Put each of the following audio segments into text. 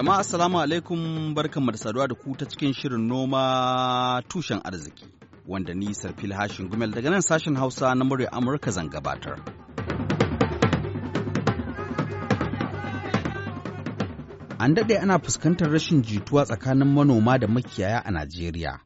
Jama'a assalamu alaikum barkan da saduwa da ku ta cikin shirin noma tushen arziki wanda ni Sarfil Hashin Gumel daga nan sashen Hausa na murya Amurka zan gabatar. An daɗe ana fuskantar rashin jituwa tsakanin manoma da makiyaya a Najeriya,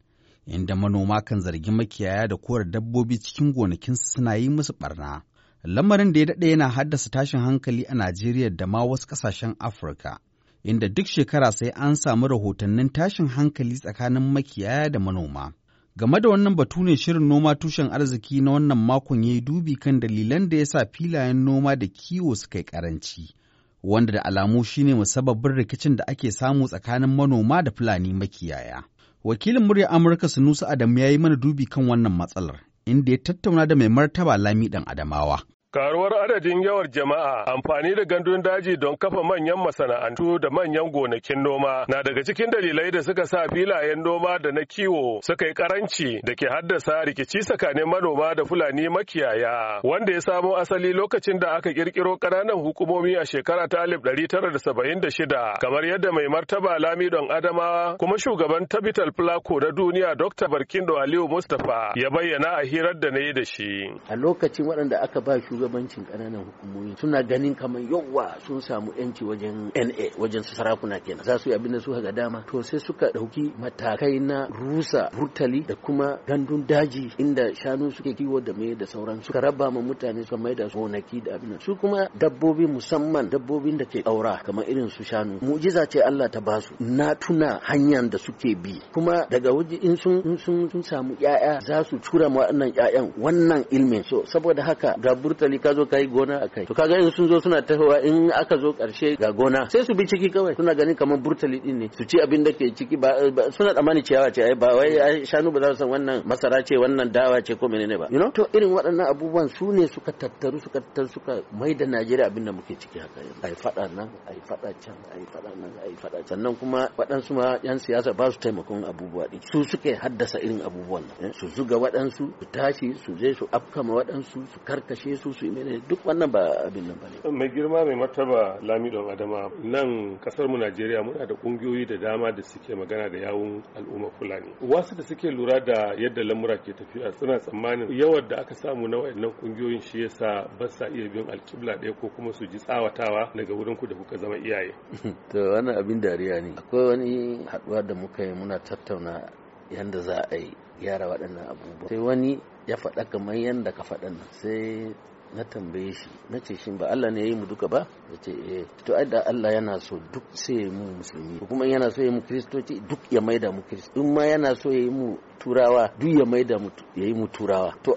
inda manoma kan zargi makiyaya da korar dabbobi cikin gonakinsu suna yi musu barna. Lamarin da ya daɗe yana haddasa tashin hankali a Najeriya da ma wasu ƙasashen Afirka. inda duk shekara sai an samu rahotannin tashin hankali tsakanin makiyaya da manoma. Game da wannan batu ne shirin noma tushen arziki na wannan makon ya yi dubi kan dalilan da ya sa filayen noma da kiwo suka yi karanci, wanda da alamu shine musababin rikicin da ake samu tsakanin manoma da Fulani makiyaya. Wakilin murya Amurka Sunusa Adam ya yi mana dubi kan wannan matsalar, inda ya tattauna da mai martaba Lami ɗan Adamawa. Karuwar adadin yawar jama'a amfani da gandun daji don kafa manyan masana'antu da manyan gonakin noma na daga cikin dalilai da suka sa filayen noma da na kiwo suka yi karanci da ke haddasa rikici tsakanin manoma da Fulani makiyaya wanda ya samo asali lokacin da aka kirkiro ƙananan hukumomi a shekara ta alif tara da shida, kamar yadda mai martaba Lami don Adamawa kuma shugaban Tabital Plako na duniya Dr. Barkindo Aliyu Mustapha ya bayyana a hirar da na yi da shi. A lokacin waɗanda aka ba shugaban shugabancin ƙananan hukumomi suna ganin kamar yawa sun samu yanci wajen NA wajen sarakuna kenan za su yi abin da suka ga dama to sai suka ɗauki matakai na rusa burtali da kuma gandun daji inda shanu suke kiwo da mai da sauran suka raba ma mutane su mai da gonaki da abin su kuma dabbobi musamman dabbobin da ke aura kamar irin su shanu mu'jiza ce Allah ta basu na tuna hanyar da suke bi kuma daga waje in sun sun samu yaya za su tura ma waɗannan yayan wannan ilmin so saboda haka ga burtali hankali ka zo ka yi gona a kai to kaga in sun zo suna tahowa in aka zo karshe ga gona sai su bi ciki kawai suna ganin kamar burtali din ne su ci abin da ke ciki ba suna tsammani ciyawa ce ai ba wai shanu ba za su san wannan masara ce wannan dawa ce ko menene ba you know to irin waɗannan abubuwan su ne suka tattaru suka tattaru suka mai da Najeriya abin da muke ciki haka ai fada nan ai fada can ai fada nan ai fada can. sannan kuma waɗansu ma yan siyasa ba su taimakon abubuwa din su suke haddasa irin abubuwan eh, su zuga waɗansu su tashi su je su afkama waɗansu su karkashe su su su mene duk wannan ba abin nan bane mai girma mai martaba lamidon adama nan kasar mu Najeriya muna da kungiyoyi da dama da suke magana da yawun al'umma Fulani wasu da suke lura da yadda lamura ke tafiya suna tsammanin yawan da aka samu na wayannan kungiyoyin shi yasa ba sa iya bin alkibla ɗaya ko kuma su ji tsawatawa daga wurin ku da kuka zama iyaye to wannan abin dariya ne akwai wani haduwa da muka yi muna tattauna yanda za a yi gyara waɗannan abubuwa sai wani ya faɗa kamar yadda ka faɗa sai na tambaye shi na ce shin ba Allah ne ya yi mu duka ba ya ce eh to ai da Allah yana so duk sai mu musulmi kuma yana so ya mu kristoci duk ya maida mu kristo in ma yana so ya yi mu turawa duk ya maida ya yi mu to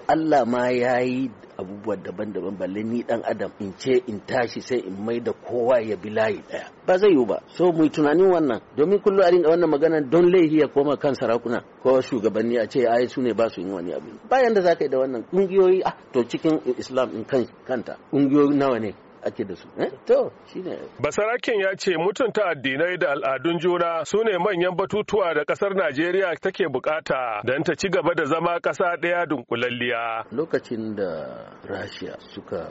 Allah ma ya yi abubuwa daban-daban balle ni dan adam in ce in tashi sai in mai da kowa ya bi layi daya ba zai yiwu ba so mu yi tunanin wannan domin kullum a rinka wannan magana don laihi ya koma kan sarakuna ko shugabanni a ce ai su ne ba su yin wani abu bayan da zaka yi da wannan kungiyoyi ah to cikin islam in kanta kungiyoyi nawa ne ake da su eh? to shine basaraken ya ce mutunta addinai da al'adun juna sune manyan batutuwa da kasar najeriya take bukata don ta ci gaba da zama ƙasa ɗaya dunkulalliya lokacin da rashiya suka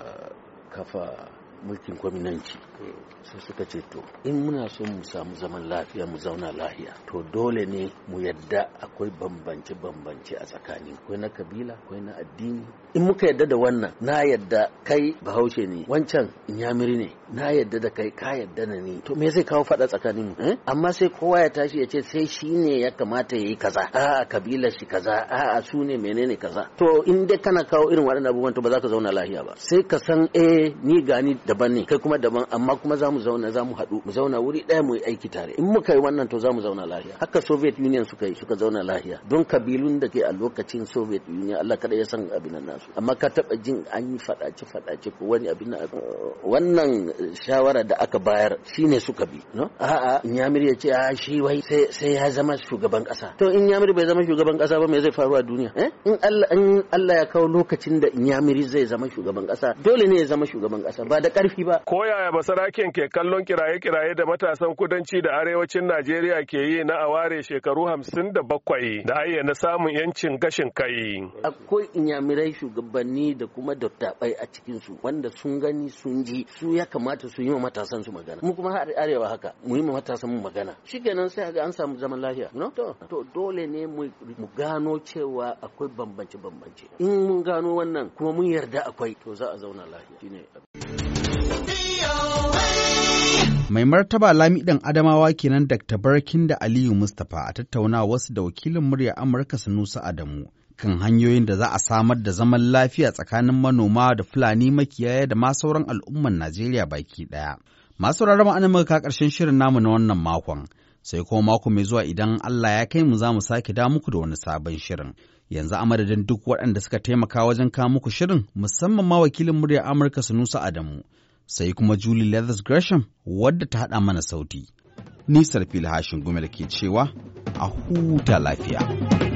kafa mulkin kwaminanci mm. sai suka ce to in muna so mu samu zaman lafiya mu zauna lahiya to dole ne mu yadda akwai bambance bambance a tsakani akwai na kabila akwai na addini in muka yadda da wannan na yadda kai bahaushe ne wancan inyamiri ne na yadda da kai ka yadda na ni to me zai kawo fada tsakanin mu eh? amma sai kowa ya tashi ya ce sai shi ne ya kamata ya yi kaza a'a kabilar shi kaza a'a su ne menene kaza to in dai kana kawo irin waɗannan abubuwan to ba za ka zauna lahiya ba sai ka san eh ni gani daban ne kai kuma daban amma kuma za mu zauna za mu haɗu mu zauna wuri ɗaya mu yi aiki tare in muka yi wannan to za mu zauna lahiya haka soviet union suka yi suka zauna lahiya don kabilun da ke a lokacin soviet union allah kada ya san abin nan nasu amma ka taɓa jin an yi faɗace faɗace ko wani abin nan wannan shawara da aka bayar shine suka bi no a'a inyamir ya ce a shi wai sai ya zama shugaban kasa to in inyamir bai zama shugaban kasa ba me zai faru a duniya eh in Allah ya kawo lokacin da inyamiri zai zama shugaban kasa dole ne ya zama shugaban kasa ba da karfi ba ko yaya basaraken ke kallon kiraye-kiraye da matasan kudanci da arewacin Najeriya ke yi na aware shekaru hamsin da bakwai da ayyana samun yancin gashin kai akwai inyamirai shugabanni da kuma dattabai a cikin su wanda sun gani sun ji su ya kamata su yi wa matasan su magana mu kuma har arewa haka mu yi wa matasan mu magana shikenan sai ga an samu zaman lafiya no to, to dole ne mu gano cewa akwai bambance bambance in mun gano wannan kuma mun yarda akwai to za a zauna lafiya Mai martaba Lami ɗan Adamawa kenan Dr. Barkin da Aliyu Mustapha a tattauna wasu da wakilin murya Amurka sanusa Adamu kan hanyoyin da za a samar da zaman lafiya tsakanin manoma da Fulani makiyaya da ma sauran al'umman Najeriya baki ɗaya. Masu rarraba an muka ƙarshen shirin namu na wannan makon. sai kuma mako mai zuwa idan Allah ya kai mu za mu sake da muku da wani sabon shirin. Yanzu a madadin duk waɗanda suka taimaka wajen kawo muku shirin musamman ma wakilin muryar Amurka sanusa Adamu sai kuma Julie Leathers Gresham wadda ta haɗa mana sauti. Nisar fili hashin gumel ke cewa a huta lafiya.